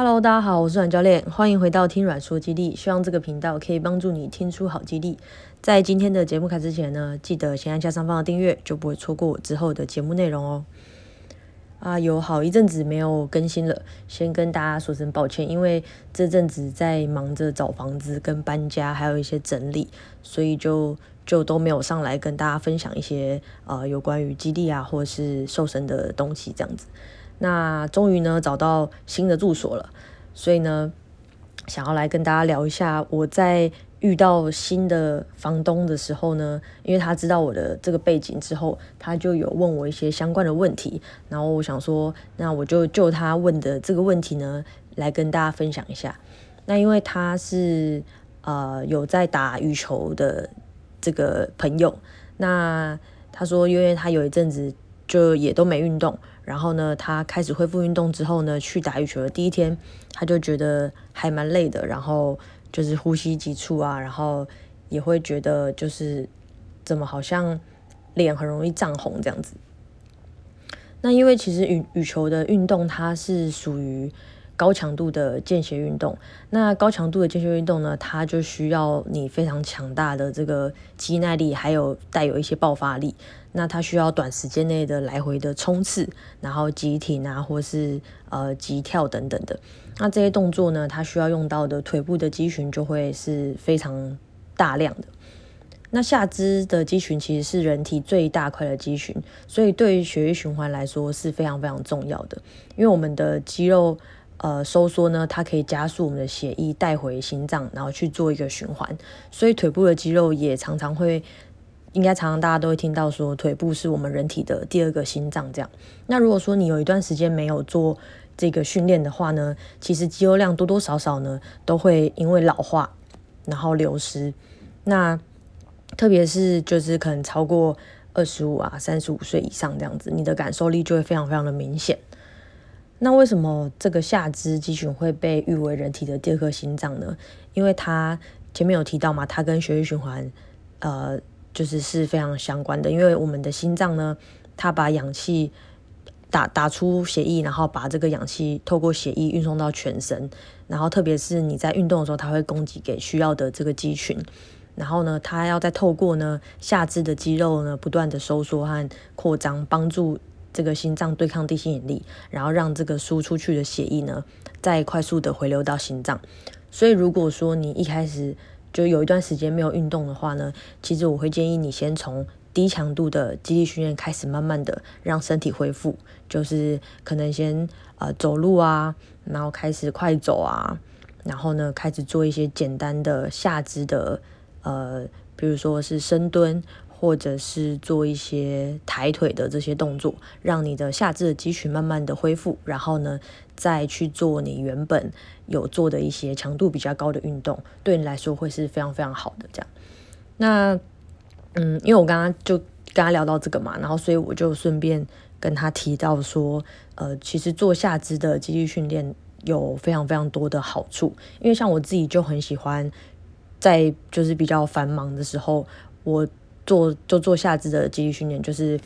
Hello，大家好，我是阮教練，歡迎回到聽阮說肌力，希望這個頻道可以幫助你聽出好肌力。在今天的節目開始之前呢，記得先按下上方的訂閱，就不會錯過我之後的節目內容哦。啊，有好一陣子沒有更新了，先跟大家說聲抱歉，因為這陣子在忙着找房子跟搬家，還有一些整理，所以就就都沒有上來跟大家分享一些啊、呃、有關於肌力啊或是瘦身的東西，這樣子。那終於呢，找到新的住所了，所以呢想要來跟大家聊一下我在遇到新的房東的時候呢，因為他知道我的這個背景之後，他就有問我一些相關的問題，然後我想說，那我就就他問的這個問題呢來跟大家分享一下。那因為他是呃有在打羽球的這個朋友，那他說因為他有一陣子就也都沒運動。然後呢，他開始恢復運動之後呢，去打羽球的第一天，他就覺得還蠻累的，然後就是呼吸急促啊，然後也會覺得就是怎麼好像臉很容易漲紅這樣子。那因為其實羽羽球的運動，它是屬於。高強度的間歇運動，那高強度的間歇運動呢，它就需要你非常強大的這個肌耐力，還有帶有一些爆發力。那它需要短時間內的來回的衝刺，然後急停啊，或是呃急跳等等的。那這些動作呢，它需要用到的腿部的肌群就會是非常大量的。那下肢的肌群其實是人體最大塊的肌群，所以對於血液循環來說是非常非常重要的，因為我們的肌肉。呃，收縮呢，它可以加速我們的血液帶回心臟，然後去做一個循環。所以腿部的肌肉也常常會，應該常常大家都會聽到說，腿部是我們人體的第二個心臟這樣。那如果說你有一段時間沒有做這個訓練的話呢，其實肌肉量多多少少呢都會因為老化然後流失。那特別是就是可能超過二十五啊、三十五歲以上這樣子，你的感受力就會非常非常的明顯。那為什麼這個下肢肌群會被譽為人體的第二顆心臟呢？因為它前面有提到嘛，它跟血液循環，呃，就是是非常相關的。因為我們的心臟呢，它把氧氣打打出血液，然後把這個氧氣透過血液運送到全身，然後特別是你在運動的時候，它會供給給需要的這個肌群，然後呢，它要再透過呢下肢的肌肉呢，不斷的收縮和擴張，幫助，這個心臟對抗地心引力，然後讓這個輸出去的血液呢，再快速的回流到心臟。所以，如果說你一開始就有一段時間沒有運動的話呢，其實我會建議你先從低強度的肌力訓練開始，慢慢的讓身體恢復。就是可能先呃走路啊，然後開始快走啊，然後呢開始做一些簡單的下肢的呃，比如說是深蹲。或者是做一些抬腿的這些動作，讓你的下肢的肌群慢慢的恢復，然後呢，再去做你原本有做的一些強度比較高的運動，對你來說會是非常非常好的。這樣，那嗯，因為我剛剛就跟他聊到這個嘛，然後所以我就順便跟他提到說，呃，其實做下肢的肌力訓練有非常非常多的好處，因為像我自己就很喜歡在就是比較繁忙的時候，我。做就做下肢的肌力訓練，就是，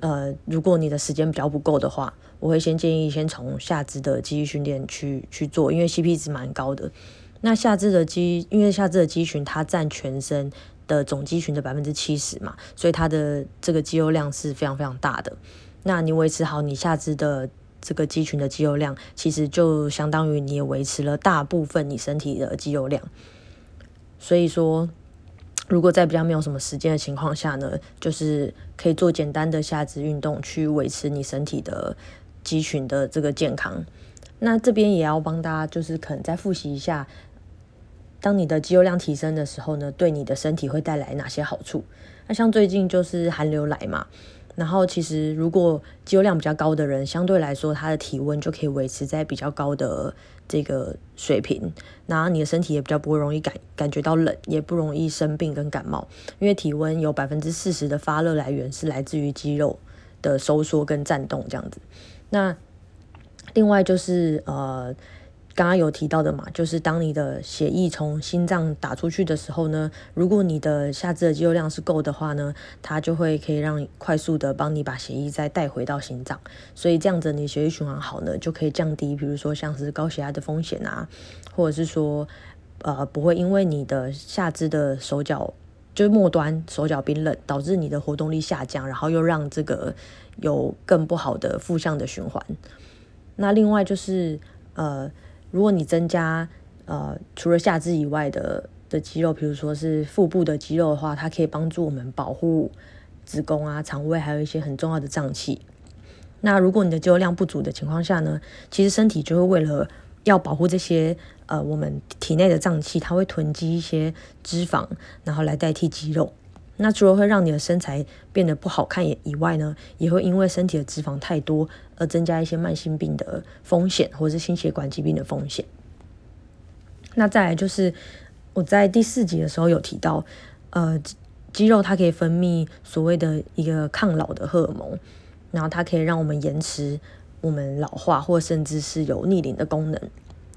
呃，如果你的時間比較不夠的話，我會先建議先從下肢的肌力訓練去去做，因為 CP 值蠻高的。那下肢的肌，因為下肢的肌群它佔全身的總肌群的百分之七十嘛，所以它的這個肌肉量是非常非常大的。那你維持好你下肢的這個肌群的肌肉量，其實就相當於你也維持了大部分你身體的肌肉量。所以說。如果在比較沒有什麼時間的情況下呢，就是可以做簡單的下肢運動，去維持你身體的肌群的這個健康。那這邊也要幫大家，就是可能再複習一下，當你的肌肉量提升的時候呢，對你的身體會帶來哪些好處？那像最近就是寒流來嘛。然後，其實如果肌肉量比較高的人，相對來說，他的體溫就可以維持在比較高的這個水平，那你的身體也比較不會容易感感覺到冷，也不容易生病跟感冒，因為體溫有百分之四十的發熱來源是來自於肌肉的收縮跟顫動這樣子。那另外就是呃。剛剛有提到的嘛，就是當你的血液從心臟打出去的時候呢，如果你的下肢的肌肉量是夠的話呢，它就會可以讓你快速的幫你把血液再帶回到心臟。所以這樣子，你血液循環好呢，就可以降低，比如說像是高血壓的風險啊，或者是說，呃，不會因為你的下肢的手腳就是末端手腳冰冷，導致你的活動力下降，然後又讓這個有更不好的負向的循環。那另外就是，呃。如果你增加呃除了下肢以外的的肌肉，比如說是腹部的肌肉的話，它可以幫助我們保護子宮啊、腸胃，還有一些很重要的臟器。那如果你的肌肉量不足的情況下呢，其實身體就會為了要保護這些呃我們體內的臟器，它會囤積一些脂肪，然後來代替肌肉。那除了會讓你的身材變得不好看以外呢，也會因為身體的脂肪太多而增加一些慢性病的風險，或者是心血管疾病的風險。那再來就是我在第四集的時候有提到，呃，肌肉它可以分泌所謂的一個抗老的荷爾蒙，然後它可以讓我們延遲我們老化，或甚至是有逆齡的功能，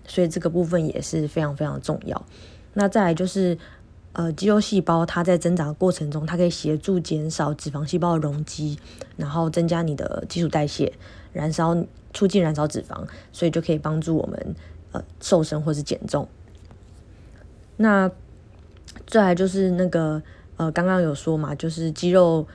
所以這個部分也是非常非常重要。那再來就是。呃，肌肉細胞它在增長的過程中，它可以協助減少脂肪細胞的容積，然後增加你的基礎代謝，燃燒促進燃燒脂肪，所以就可以幫助我們呃瘦身或是減重。那再來就是那個呃，剛剛有說嘛，就是肌肉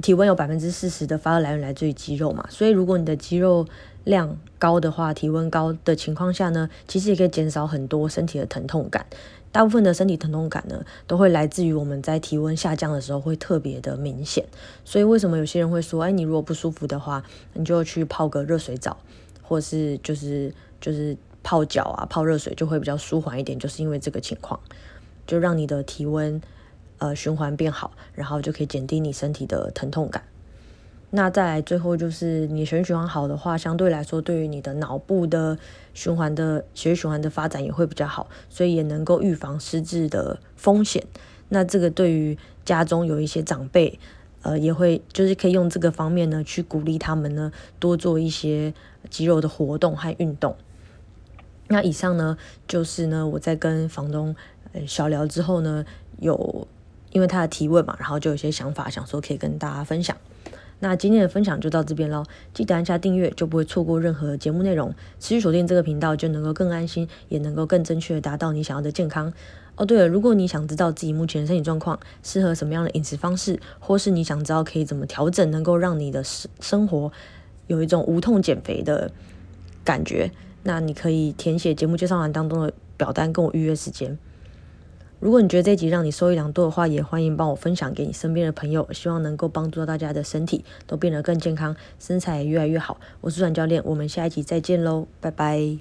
體溫有百分之四十的發熱來源來自於肌肉嘛，所以如果你的肌肉量高的話，體溫高的情況下呢，其實也可以減少很多身體的疼痛感。大部分的身體疼痛感呢，都會來自於我們在體溫下降的時候會特別的明顯。所以為什麼有些人會說，哎，你如果不舒服的話，你就去泡個熱水澡，或是就是就是泡腳啊，泡熱水就會比較舒緩一點，就是因為這個情況，就讓你的體溫呃循環變好，然後就可以減低你身體的疼痛感。那再來最後就是，你血液循環好的話，相對來說對於你的腦部的循環的血液循環的發展也會比較好，所以也能夠預防失智的風險。那這個對於家中有一些長輩，呃，也會就是可以用這個方面呢，去鼓勵他們呢多做一些肌肉的活動和運動。那以上呢就是呢我在跟房東，呃，小聊之後呢，有因為他的提問嘛，然後就有些想法想說可以跟大家分享。那今天的分享就到這邊嘍，記得按下訂閱，就不會錯過任何節目內容。持續鎖定這個頻道，就能夠更安心，也能夠更正確的達到你想要的健康。哦，對了，如果你想知道自己目前的身體狀況，適合什麼樣的飲食方式，或是你想知道可以怎麼調整，能夠讓你的生生活有一種無痛減肥的感覺，那你可以填寫節目介紹欄當中的表單，跟我預約時間。如果你覺得這集讓你受益良多的話，也歡迎幫我分享給你身邊的朋友，希望能夠幫助到大家的身體都變得更健康，身材也越來越好。我是阮教練，我們下一集再見嘍，拜拜。